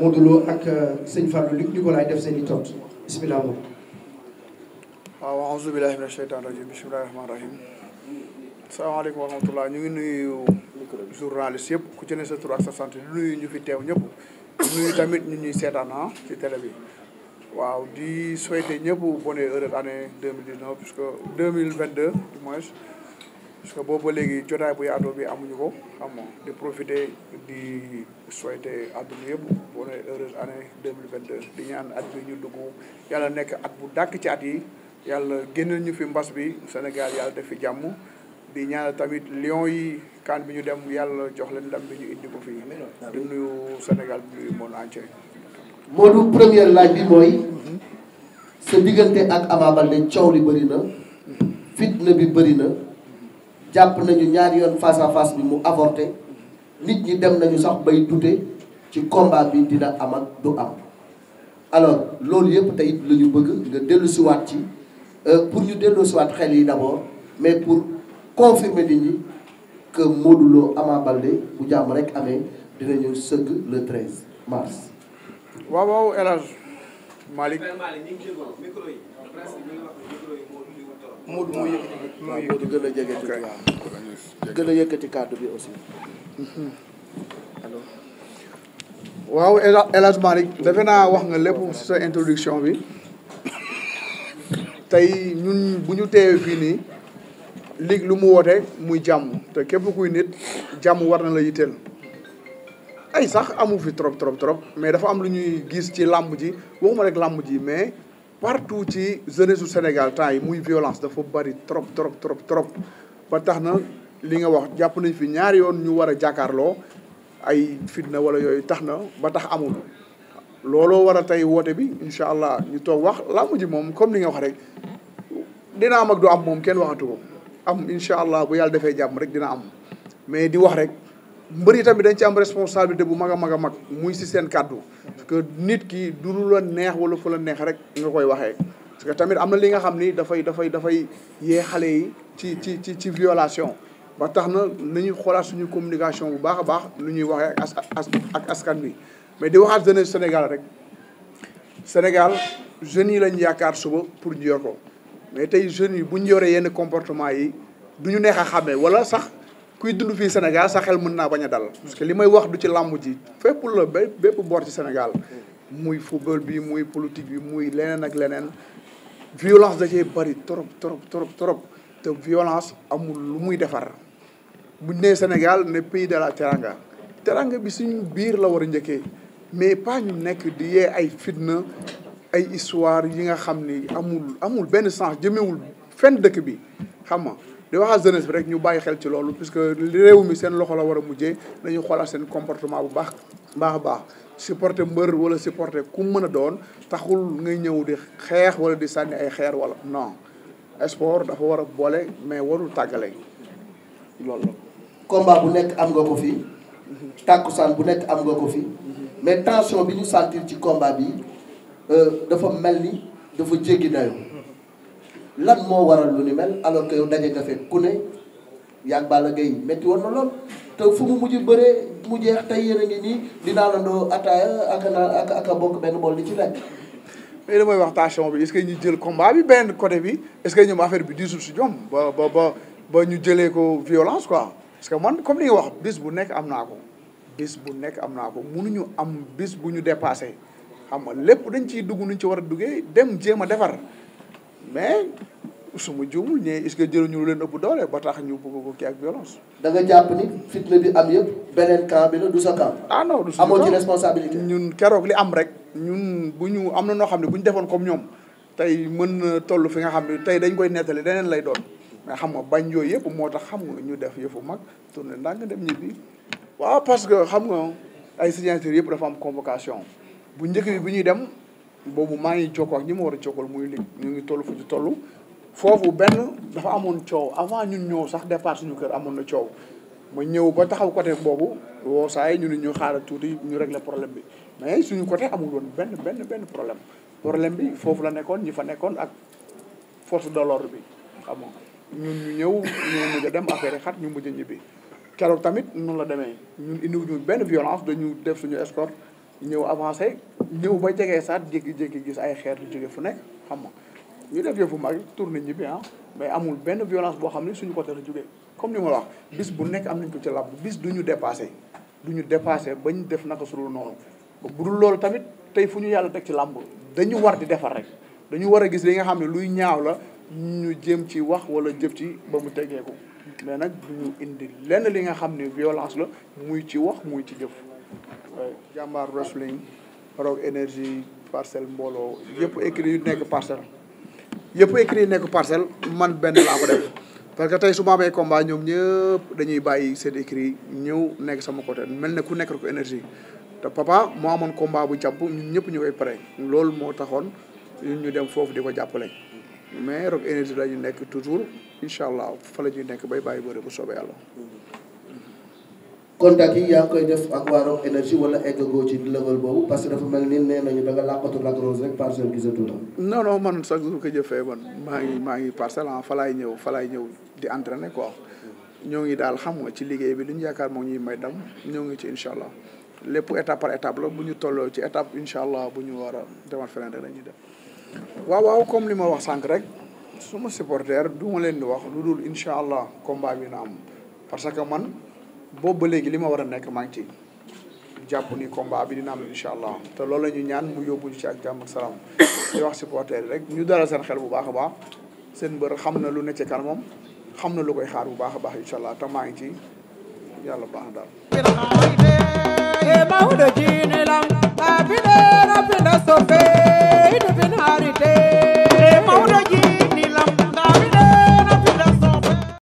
Modou Lo ak euh, sëñ Fallou Luc Nicolaï def seen i tontu bismillah moom waaw auzu billahi mina sheytaan rajim bismillahi rahmaani rahim salaamaaleykum wa rahmatullah ñu ngi nuyu journaliste yëpp ku ci ne sa tur ak sa sant di nuyu ñu fi teew ñëpp nuyu tamit ñu ñuy seetaan ah, ci télé bi waaw di souhaiter ñëpp bonne heureuse année deux mille dix neuf puisque deux mille vingt deux du moins parce que boobu léegi jotaay bu yaatoo bi amuñu ko xam nga di profiter di souhaiter àdduna yëpp bonne heureuse année deux mille vingt deux di ñaan at bi ñu dugg yàlla nekk at bu dàkk ci at yi yàlla génnal ñu fi mbas bi Sénégal yàlla def fi jàmm di ñaanal tamit lion yi kan bi ñu dem yàlla jox leen ndam bi ñu indi ko fii di nuyu Sénégal bi nuyu monde entier Modou première laaj bi mooy sa diggante ak Ama Baldé coow li bëri na fitna bi bëri na jàpp nañu ñaari yoon face à face bi mu avorté nit ñi dem nañu sax bay dute ci combat bi dina am ak du am alors loolu yëpp tey la ñu bëgg nga dellusiwaat ci euh, pour ñu dellusiwaat xel yi d'abord mais pour confirmer nit ñu que Modou Lo Ama Baldé bu jàmm rek amee dinañu sëgg le 13 mars. waaw waaw El Hadj moo moo yëkkati gën a jege waaw gën a yëkkati kàddu bi aussi mhm. alors waaw El Hadj defe naa wax nga lépp ci sa introduction bi tey ñun bu ñu teewee fii nii ligue lu mu woote muy jàmm te képp kuy nit jàmm war na la yitteel ay sax amu fi trop trop trop mais dafa am lu ñuy gis ci làmb ji waxuma rek làmb ji mais partout ci jeunesse su Sénégal temps yi muy violence dafa bari trop trop trop trop ba tax na li nga wax jàpp nañ fi ñaari yoon ñu war a jàkkaarloo ay fitna wala yooyu tax na ba tax amul looloo war a tey woote bi incha allah ñu toog wax làmb ji moom comme li nga wax rek dina am ak du am moom kenn waxatu ko am incha allah bu yàlla defee jàmm rek dina am mais di wax rek mbër yi tamit dañ ci am responsabilité bu mag a mag a mag muy si seen kàddu parce que nit ki du lu la neex wala fu la neex rek nga koy waxee parce que tamit am na li nga xam ni dafay dafay dafay yee xale yi ci ci ci ci violation ba tax na nañu xoolaat suñu communication bu baax a baax lu ñuy waxee ak as ak askan bi mais di waxaat jeunesse Sénégal rek Sénégal jeunes yi lañ yaakaar suba pour ñu yor ko mais tey jeunes yi bu ñu yoree yenn comportement yi du ñu neex a xàmmee wala sax kuy dund fii Sénégal sa xel mën naa bañ a dal parce que li may wax du ci làmb ji fépp la bé bépp boor ci Sénégal muy football bi muy politique bi muy leneen ak leneen violence da cee bëri trop trop trop trop te violence amul lu muy defar buñ nee Sénégal ne pays de la teranga teranga bi suñ biir la war a njëkkee mais pas ñu nekk di yee ay fitna ay histoire yi nga xam ni amul amul benn sens jëmmewul fenn dëkk bi xam di waxaat jeunesse bi rek ñu bàyyi xel ci loolu puisque réew mi seen loxo la war a mujjee nañu xoolaat seen comportement bu baax baax a baax supporter mbër wala supporter ku mën a doon taxul ngay ñëw di xeex wala di sànni ay xeer wala non sport dafa war a boole mais warul tàggale loolu la. combat bu nekk am nga ko fi tàkkusaan bu nekk am nga ko fi mais tension bi ñu sentir ci combat bi euh, dafa mel ni dafa jéggi dayoo. lan moo waral lu ni mel alors que yow daje nga fekk ku ne yàgg Balla Gaye métti woon na lool te fu mu mujj bëree mu jeex tey yéen a ngi nii di naanandoo ataaya ak a bokk benn bool di ci lekk. mais damay wax tension bi est-ce que ñu jël combat bi benn côté bi est-ce que ñoom affaire bi diisul si ñoom ba ba ba ñu jëlee ko violence quoi parce que man comme li wax bis bu nekk am naa ko bis bu nekk am naa ko mënuñu am bis bu ñu dépassé xam nga lépp dañ ciy dugg nuñ ci war a duggee dem jéem a defar. mais su ma juumul ñee est-ce que jëluñu lu leen ëpp doole ba tax ñu bëgg ko kii ak violence. danga nga jàpp ni fitna bi am yëpp beneen camp bi la du sa camp. ah ci responsabilité. ñun keroog li am rek ñun bu ñu am na noo xam ne bu ñu defoon comme ñoom tey mën na toll fi nga xam ne tey dañ koy nettali deneen lay doon mais xam nga bañ yooyu yëpp moo tax xam nga ñu def yëfu mag tourné ndànk dem ñibbi. waaw parce que xam nga ay signataires yëpp dafa am convocation bu njëkk bi bu ñuy dem. boobu maa ngi jokkoo ak ñi ma war a jokkool muy lig ñu ngi toll fu ñu tollu foofu benn dafa amoon coow avant ñun ñëw sax départ suñu kër amoon na coow ma ñëw ba taxaw côté boobu woo saa yi ñu ne ñu xaaral tuuti ñu régler problème bi mais suñu côté amul woon benn benn benn problème problème bi foofu la nekkoon ñi fa nekkoon ak force de l'ordre bi xam nga ñun ñu ñëw ñu mujj a dem affaire xat ñu mujj a ñibbi keroog tamit noonu la demee ñun indiwuñu benn violence dañu def suñu escorte ñëw avancé ñëw ba jegee saat jékki-jékki gis ay xeer yu jóge fu nekk xam nga ñu def yëfu mag tourné ñi bi ah mais amul benn violence boo xam ne suñu côté la jógee comme ni ma wax bis bu nekk am nañ ko ci làmb bis du ñu dépassé du ñu dépassé bañ def naka sudul noonu bu dul loolu tamit tey fu ñu yàlla teg ci làmb dañu war di defar rek dañu war a gis li nga xam ne luy ñaaw la ñu jéem ci wax wala jëf ci ba mu ko mais nag du ñu indi lenn li nga xam ne violence la muy ci wax muy ci jëf jàmbaar wrestling rock énergie parcelle mbooloo yëpp écrit yu nekk parcelle yëpp écrit yu nekk parcelle man benn laa ko def parce que tey su ma amee combat ñoom ñëpp dañuy bàyyi seen écrit ñëw nekk sama côté mel ne ku nekk ko énergie te papa moo amoon combat bu jàpp ñun ñëpp ñu koy pare loolu moo taxoon ñu dem foofu di ko jàppale mais rock énergie la ñu nekk toujours incha allah fa la ñuy nekk bay bàyyi bëre bu soobee yàlla contact yi yaa ngi koy def ak waa Rock Énergie wala eggagoo ci level boobu parce que dafa mel ni nee nañu da nga làqatu Lac Rose rek parcelle gisatu la. non non man chaque jour que je fais man maa ngi maa ngi parcelle ah fa laay ñëw fa laay ñëw di ngi daal xam nga ci liggéey bi lu ñu yaakaar moom ñuy may dam ñëw ngi ci incha allah lépp étape par étape la bu ñu tolloo ci étape incha allah bu ñu war a demal feneen rek la ñuy def waaw waaw comme li ma wax sànq rek suma supporter du ma leen di wax lu dul incha allah combat bi na am boobu ba léegi li ma war a nekk maa ngi ci jàpp ni combat bi dina am incha allah te loolu la ñu ñaan mu yóbbuñu ci ak jàmm ak salaam di wax supporter yi rek ñu dalal seen xel bu baax a baax seen mbër xam na lu ne ci kanamam xam na lu koy xaar bu baax a baax incha allah te maa ngi ci yàlla baax daal.